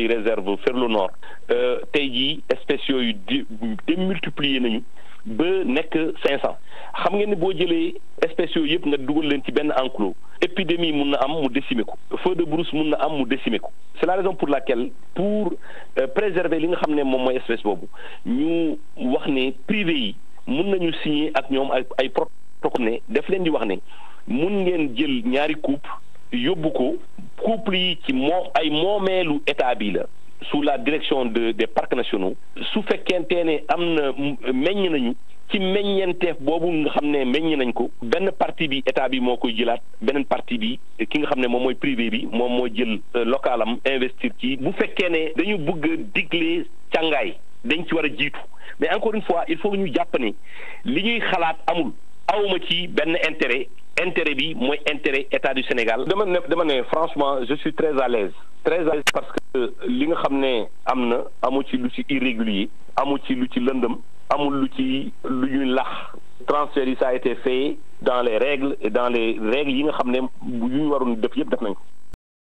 mooy réserve Ferlo Nord euh, tey jii espèces yooyu démultiplié nañu ba nekk 500 xam ngeen ni boo jëlee espèces yooyu yëpp nga dugal leen ci benn enclos épidémie mun na am mu décimer ko feu de brousse mun na am mu décimer ko c'est la raison pour laquelle pour euh, préserver li nga xam ne moom mooy espèce boobu ñu wax ne privé yi mun nañu signer ak ñoom ay ay protocole ne def leen di wax ne mun ngeen jël ñaari coupe yóbbu ko couple qui ci moom ay moomeelu état bi la sous la direction de des parcs nationaux su fekkentee ne am na meññ nañu ci meññeenteef boobu nga xam ne meññ nañ ko benn partie bi état bi moo koy jëlaat beneen bi eh, ki nga xam ne moom privé bi moom moo jël eh, localam investir ci bu fekkee ne dañu bëgg a digle càngaay dañ ci war a mais encore une fois il faut ñu jàpp ne li ñuy xalaat amul awma ci benn intérêt intérêt bi moins intérêt état du Sénégal. dama ne franchement je suis très à l'aise très à l'aise parce que li nga xamné amna amu ci lu ci irrégulier amu ci lu ci amul lu ci lu transfert ça a été fait dans les règles et dans les règles yi nga xamné ñu def yépp def nañ